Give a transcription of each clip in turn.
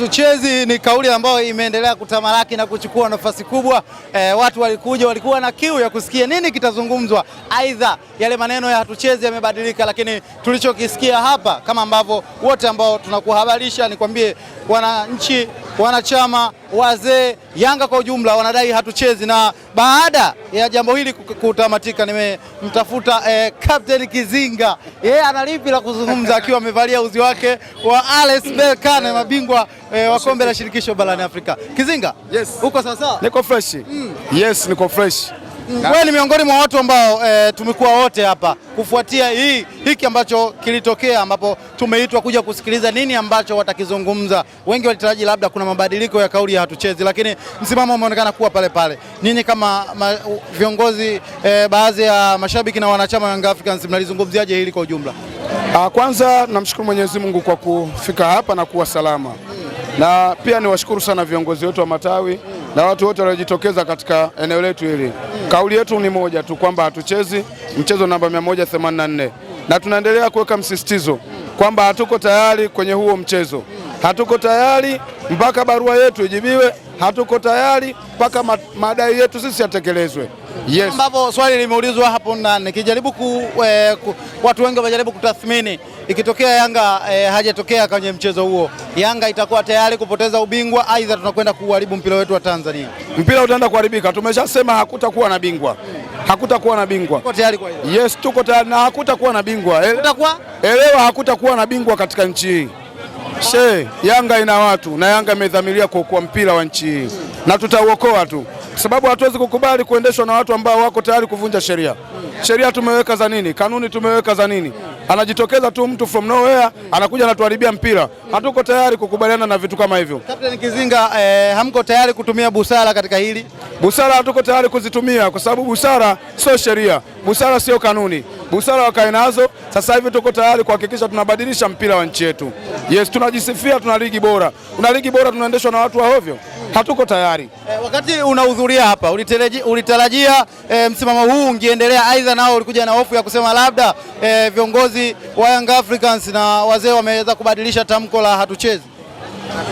Hatuchezi ni kauli ambayo imeendelea kutamalaki na kuchukua nafasi kubwa. E, watu walikuja walikuwa na kiu ya kusikia nini kitazungumzwa. Aidha, yale maneno ya hatuchezi yamebadilika, lakini tulichokisikia hapa, kama ambavyo wote ambao tunakuhabarisha, nikwambie wananchi wanachama, wazee, Yanga kwa ujumla wanadai hatuchezi. Na baada ya jambo hili kutamatika, nimemtafuta eh, Captain Kizinga, yeye yeah, analipi la kuzungumza akiwa amevalia uzi wake wa Ales Belkane, mabingwa eh, wa kombe la shirikisho barani Afrika. Kizinga, yes. Uko sawa sawa? Niko fresh. Mm. Yes, niko fresh. Wewe ni miongoni mwa watu ambao e, tumekuwa wote hapa kufuatia hii hiki ambacho kilitokea, ambapo tumeitwa kuja kusikiliza nini ambacho watakizungumza. Wengi walitaraji labda kuna mabadiliko ya kauli ya hatuchezi, lakini msimamo umeonekana kuwa pale pale. Nyinyi kama ma, viongozi e, baadhi ya mashabiki na wanachama wa Young Africans mnalizungumziaje hili kwa ujumla? Ah, kwanza namshukuru Mwenyezi Mungu kwa kufika hapa na kuwa salama, hmm. na pia niwashukuru sana viongozi wetu wa matawi hmm na watu wote waliojitokeza katika eneo letu hili. Kauli yetu ni moja tu kwamba hatuchezi mchezo namba 184 na tunaendelea kuweka msisitizo kwamba hatuko tayari kwenye huo mchezo, hatuko tayari mpaka barua yetu ijibiwe hatuko tayari mpaka madai yetu sisi yatekelezwe. Yes. Ambapo swali limeulizwa hapo ndani, nikijaribu ku, e, ku, watu wengi wamejaribu kutathmini ikitokea Yanga e, hajatokea kwenye mchezo huo, Yanga itakuwa tayari kupoteza ubingwa, aidha tunakwenda kuharibu mpira wetu wa Tanzania. Mpira utaenda kuharibika, tumeshasema hakutakuwa na bingwa, hakutakuwa na bingwa. Tuko tayari kwa hiyo. Yes, tuko tayari na hakutakuwa na bingwa. E, elewa, hakutakuwa na bingwa katika nchi hii. She, Yanga ina watu na Yanga imedhamiria kuokoa mpira wa nchi hii na tutauokoa tu, kwa sababu hatuwezi kukubali kuendeshwa na watu ambao wako tayari kuvunja sheria. Sheria tumeweka za nini? Kanuni tumeweka za nini? Anajitokeza tu mtu from nowhere anakuja anatuharibia mpira. Hatuko tayari kukubaliana na vitu kama hivyo. Captain Kizinga, eh, hamko tayari kutumia busara katika hili? Busara hatuko tayari kuzitumia kwa sababu busara sio sheria, busara sio kanuni busara wakae nazo. Sasa hivi tuko tayari kuhakikisha tunabadilisha mpira wa nchi yetu. Yes, tunajisifia tuna ligi bora, una ligi bora, tunaendeshwa na watu wa ovyo, hatuko tayari. E, wakati unahudhuria hapa ulitarajia e, msimamo huu ungeendelea? Aidha nao ulikuja na hofu ya kusema labda e, viongozi wa Young Africans na wazee wameweza kubadilisha tamko la hatuchezi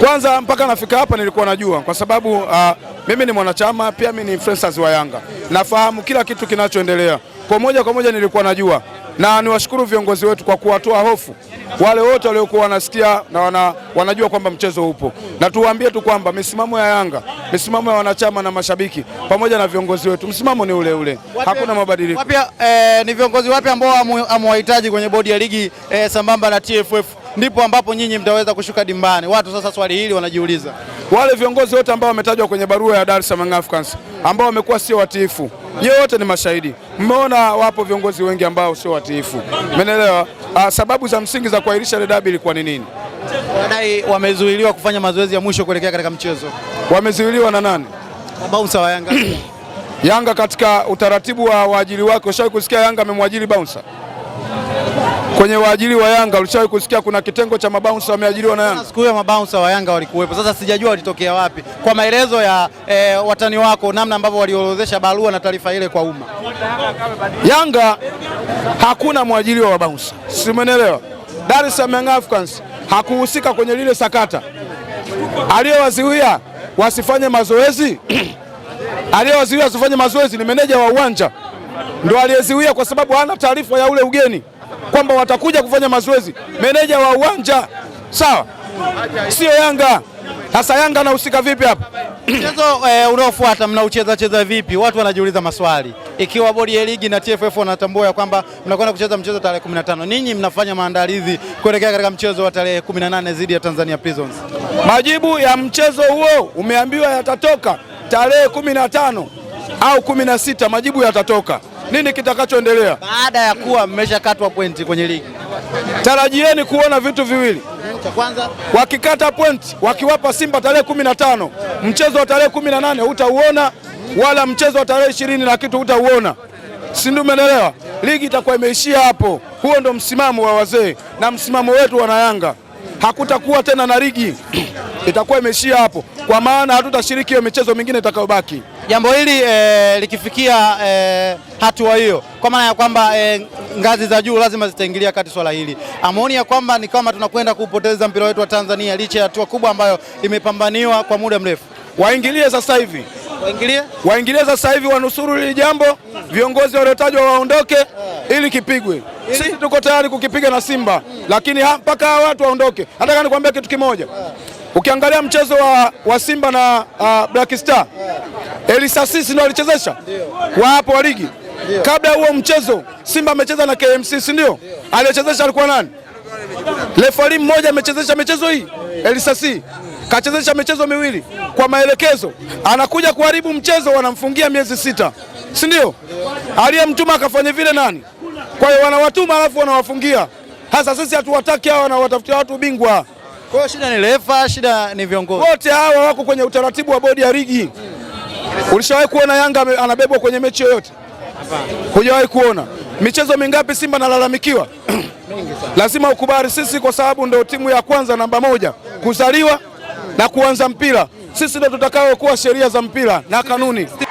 kwanza mpaka nafika hapa nilikuwa najua, kwa sababu uh, mimi ni mwanachama pia, mimi ni influencers wa Yanga, nafahamu kila kitu kinachoendelea kwa moja kwa moja nilikuwa najua, na niwashukuru viongozi wetu kwa kuwatoa hofu wale wote waliokuwa wanasikia na wana, wanajua kwamba mchezo upo, na tuwaambie tu kwamba misimamo ya Yanga, misimamo ya wanachama na mashabiki pamoja na viongozi wetu, msimamo ni ule ule, hakuna mabadiliko. Eh, ni viongozi wapya ambao amewahitaji kwenye bodi ya ligi eh, sambamba na TFF ndipo ambapo nyinyi mtaweza kushuka dimbani. Watu sasa swali hili wanajiuliza, wale viongozi wote ambao wametajwa kwenye barua ya Dar es Salaam Africans ambao wamekuwa sio watiifu wote ni mashahidi. Mmeona wapo viongozi wengi ambao sio watiifu, umeelewa? Ah, sababu za msingi za kuahirisha ile dabi ilikuwa ni nini? Wadai wamezuiliwa kufanya mazoezi ya mwisho kuelekea katika mchezo. Wamezuiliwa na nani? Bouncer wa Yanga Yanga katika utaratibu wa waajiri wake, ushawahi kusikia Yanga amemwajiri bouncer? kwenye waajiri wa Yanga ulishawahi kusikia kuna kitengo cha mabaunsa wameajiriwa na Yanga? Siku hiyo mabaunsa wa Yanga walikuwepo, sasa sijajua walitokea wapi, kwa maelezo ya e, watani wako, namna ambavyo waliorodhesha barua na taarifa ile kwa umma. Yanga hakuna mwajiri wa mabounsa, simenelewa. Dar es Salaam Africans hakuhusika kwenye lile sakata, aliyowaziwia wasifanye mazoezi aliyowaziwia wasifanye mazoezi ni meneja wa uwanja, ndo aliyeziwia kwa sababu hana taarifa ya ule ugeni kwamba watakuja kufanya mazoezi, meneja wa uwanja sawa, sio Yanga. Sasa Yanga anahusika vipi hapa? Mchezo eh, unaofuata mnaucheza cheza vipi? Watu wanajiuliza maswali, ikiwa bodi ya ligi na TFF wanatambua ya kwamba mnakwenda kucheza mchezo tarehe 15, ninyi mnafanya maandalizi kuelekea katika mchezo wa tarehe 18 dhidi ya Tanzania Prisons. Majibu ya mchezo huo umeambiwa yatatoka tarehe 15 au 16, majibu yatatoka nini kitakachoendelea baada ya kuwa mmeshakatwa pointi kwenye ligi? Tarajieni kuona vitu viwili. Cha kwanza wakikata pointi, wakiwapa Simba tarehe kumi na tano mchezo wa tarehe kumi na nane hutauona wala mchezo wa tarehe ishirini na kitu hutauona, si ndio? Umeelewa? Ligi itakuwa imeishia hapo. Huo ndo msimamo wa wazee na msimamo wetu wanayanga hakutakuwa tena na ligi itakuwa imeishia hapo, kwa maana hatutashiriki hiyo michezo mingine itakayobaki. Jambo hili e, likifikia e, hatua hiyo, kwa maana ya kwamba e, ngazi za juu lazima zitaingilia kati swala hili. Amuoni ya kwamba ni kama tunakwenda kupoteza mpira wetu wa Tanzania, licha ya hatua kubwa ambayo imepambaniwa kwa muda mrefu. Waingilie sasa hivi waingilie waingilie sasa hivi, wanusuru hili jambo, viongozi waliotajwa waondoke, ili kipigwe sisi tuko tayari kukipiga na Simba, lakini mpaka watu waondoke. Nataka nikwambia kitu kimoja, ukiangalia mchezo wa, wa Simba na uh, Black Star, Elisa sisi ndio alichezesha wa hapo wa ligi kabla huo mchezo Simba amecheza na KMC, si ndio? Aliyechezesha alikuwa nani? Refari mmoja amechezesha michezo hii, Elisasi kachezesha michezo miwili kwa maelekezo, anakuja kuharibu mchezo, wanamfungia miezi sita, si ndio? Aliyemtuma akafanya vile nani? Kwa hiyo wanawatuma alafu wanawafungia. Hasa sisi hatuwataki hawa, wanawatafutia watu bingwa. Kwa hiyo shida ni refa, shida ni viongozi. Wote hawa wako kwenye utaratibu wa bodi ya ligi hmm. Ulishawahi kuona Yanga anabebwa kwenye mechi yoyote? Hujawahi kuona michezo mingapi Simba nalalamikiwa? Lazima ukubali, sisi kwa sababu ndio timu ya kwanza namba moja kuzaliwa na kuanza mpira, sisi ndio tutakayokuwa sheria za mpira na kanuni.